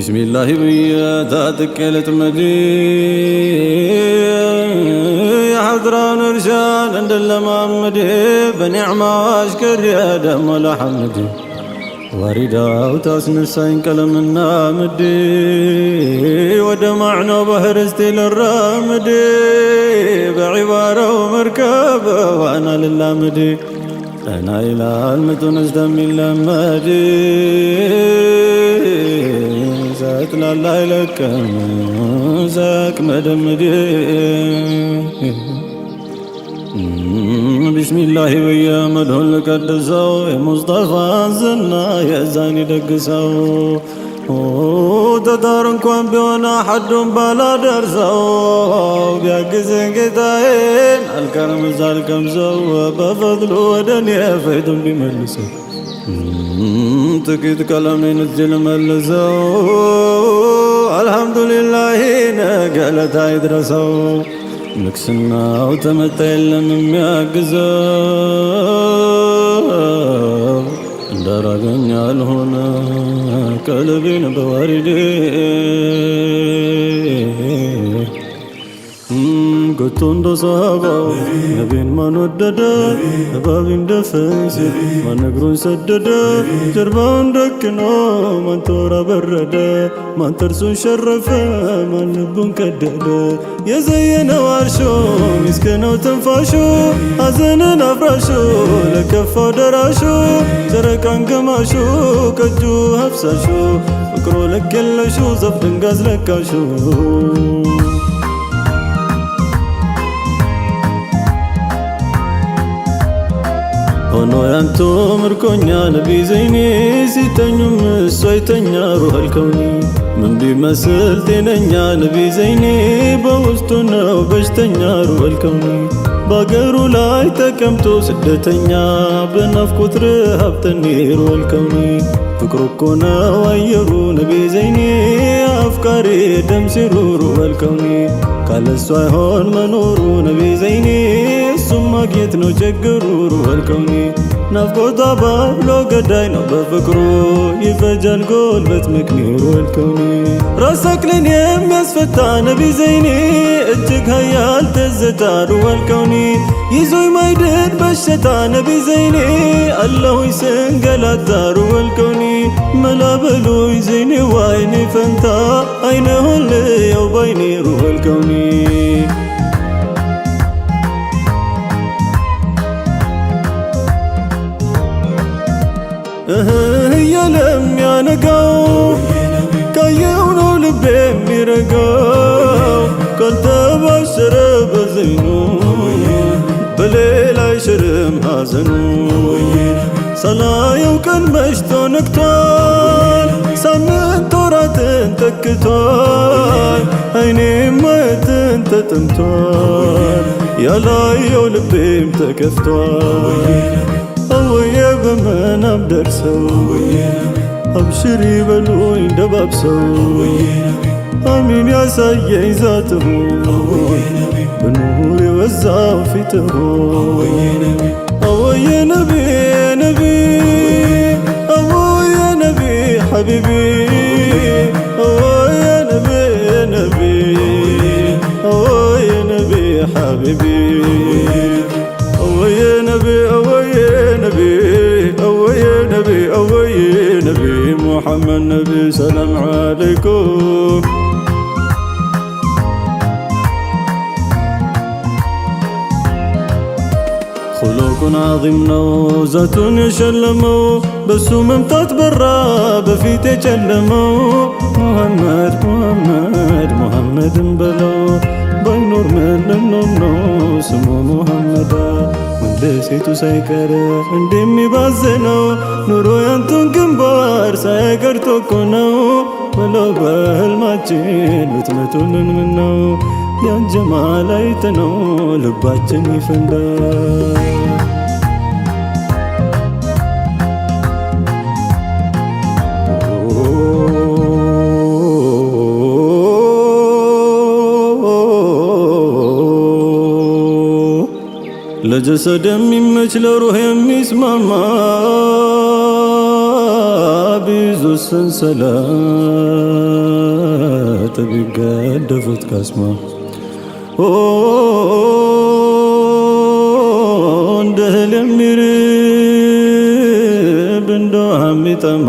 بسم الله بيا تكلت مجي يا حضرة نرجان عند محمد بنعمة واشكر يا دم الحمد واردة وتاسن الساين كلام النامد ودمعنا بحر استيل الرامد بعبارة ومركبة وانا للامد انا الى المدن المتونس دم اللامد ላይለቀም ዘቅመ ደምድ ቢስሚላሂ ብዬ መድሁን ልቀድሰው የሙስጠፋ ዝና የዛን ይደግሰው ትዳር እንኳን ቢሆን ሐዱን ባላደርሰው ቢያግዘኝ ጌታዬን አልቀርም ሳልቀምሰው በፈትሉ ወደ እኔ ፊቱን ቢመልሰው ጥቂት ቀለሜን እጅ ልመልሰው አልሐምዱሊላሂ ነገ ለታ ይድረሰው ንግስናው ተመጣ የለም የሚያግዘው እንዳራገኛል ሆነ ቀልቤን በወርዴ ሽንኩርቱ እንደሳበው ነቢን ማን ወደደ እባብ እንደፈዘ ማን እግሩን ሰደደ ጀርባውን ደክኖ ማን ጦር አበረደ ማን ተርሱን ሸረፈ ማን ልቡን ቀደደ የዘየነው አርሾ ሚስክነው ትንፋሹ ሐዘንን አፍራሹ ለከፋው ደራሹ ጨረቃን ገማሹ ከእጁ ሀብሳሹ ፍቅሮ ለክ የለሹ ዘፍድንጋዝ ለቃሹ ሆኖ ያንቶ ምርኮኛ ነቢይ ዘይኔ ሲተኙም እሷ ይተኛ ሩሃል ከውኒ ምን ቢመስል ጤነኛ ነቢይ ዘይኔ በውስጡ ነው በሽተኛ ሩሃል ከውኒ በአገሩ ላይ ተቀምጦ ስደተኛ በናፍቆት ረሃብ ተኒር ወልከውኒ ፍቅሩ እኮ ነው አየሩ ነቢይ ዘይኔ አፍቃሪ ደም ሲሩሩ ወልከውኒ ካለሷ አይሆን መኖሩ ነቢይ ዘይኔ እሱም ማግኘት ነው ችግሩ ወርቀውኒ ናፍቆታ ባብሎ ገዳይ ነው በፍቅሩ ይፈጃል ጎልበት ምክንሩ ወልከውኒ ራሰክልን የሚያስፈታ ነቢ ዘይኒ እጅግ ሀያል ትዝታሩ ወልከውኒ ይዞይ ማይድን በሸታ ነቢ ዘይኔ አላሁይ ስንገላታሩ ወልከውኒ መላበሉይ ዘይኔዋ ሐዘኑ ሳላየው ቀን መሽቶ ነግቷል። ሳምንት ወራትን ተክቷል። አይኔ ማየትን ተጠምቷል። ያላየው ልቤም ተከፍቷል። አወየ በመናም ደርሰው አብሽሪ በሉኝ ደባብሰው አሚን ያሳየኝ ዛትሆ በኑር የበዛው ፊትሆ يا نبي يا نبي او يا نبي حبيبي او يا نبي يا نبي او يا نبي حبيبي او يا نبي او يا نبي او يا نبي او يا نبي محمد نبي سلام عليكم ኹሉቁን አዚም ነው ዛቱን የሸለመው በሱ መምጣት በራ በፊት የጨለመው ሙሐመድ ሙሐመድ ሙሐመድን በለው ባይኖር መለምኖም ነው ስሙ ሙሐመዳ ወንድ ሴቱ ሳይቀር እንደሚባዘነው ኑሮ ያንቱን ግንባር ሳይቀር ቶኮ ነው በለው በህልማችን ብትመቱንን ምነው ያንጀማ ላይ ልባችን ይፈንዳ ለጀሰድ የሚመች ለሩህ የሚስማማ ብዙ ሰንሰለት ቢገደፉት ካስማ እንደ ህልም ሚርብ እንደ ውሃ የሚጠማ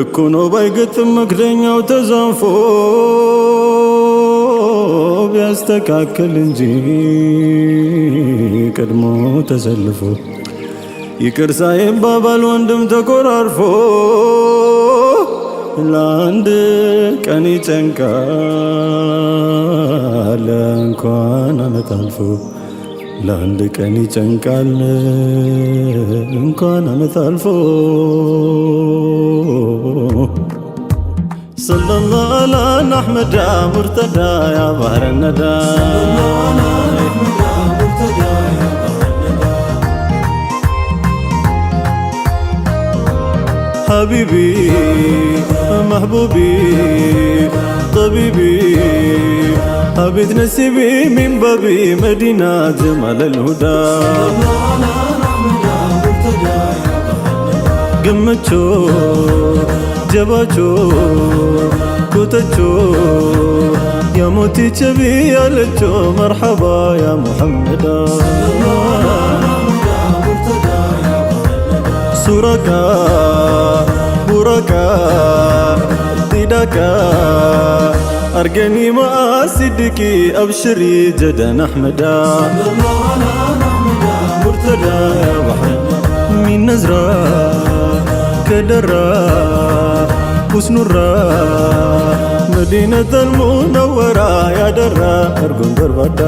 ልኩ ነው ባይገጥም መክደኛው ተዛንፎ ቢያስተካክል እንጂ ቀድሞ ተሰልፎ ይቅርሳ የባባል ወንድም ተኮራርፎ ለአንድ ቀን ይጨንቃል እንኳን አመት አልፎ ለአንድ ቀን ይጨንቃል እንኳን አመት አልፎ صلى الله على لا نحمد مرتدى يا بحر الندى حبيبي محبوبي طبيبي حبيت نسيبي من بابي مدينة جمال الهدى ግምቾ ጀባቾ ጉተቾ ያሞቲ ቸቢ ያለቾ መርሐባ ያ ሙሐመዳ ሱራካ ቡራካ ዲዳካ አርገኒ ማአ ሲድቂ አብሽሪ ጀደን አሕመዳ ሙርተዳ ሚን ነዝራ ከደራ ሁስኑራ መዲነተል ሙነወራ ያደራ እርጎን በርባዳ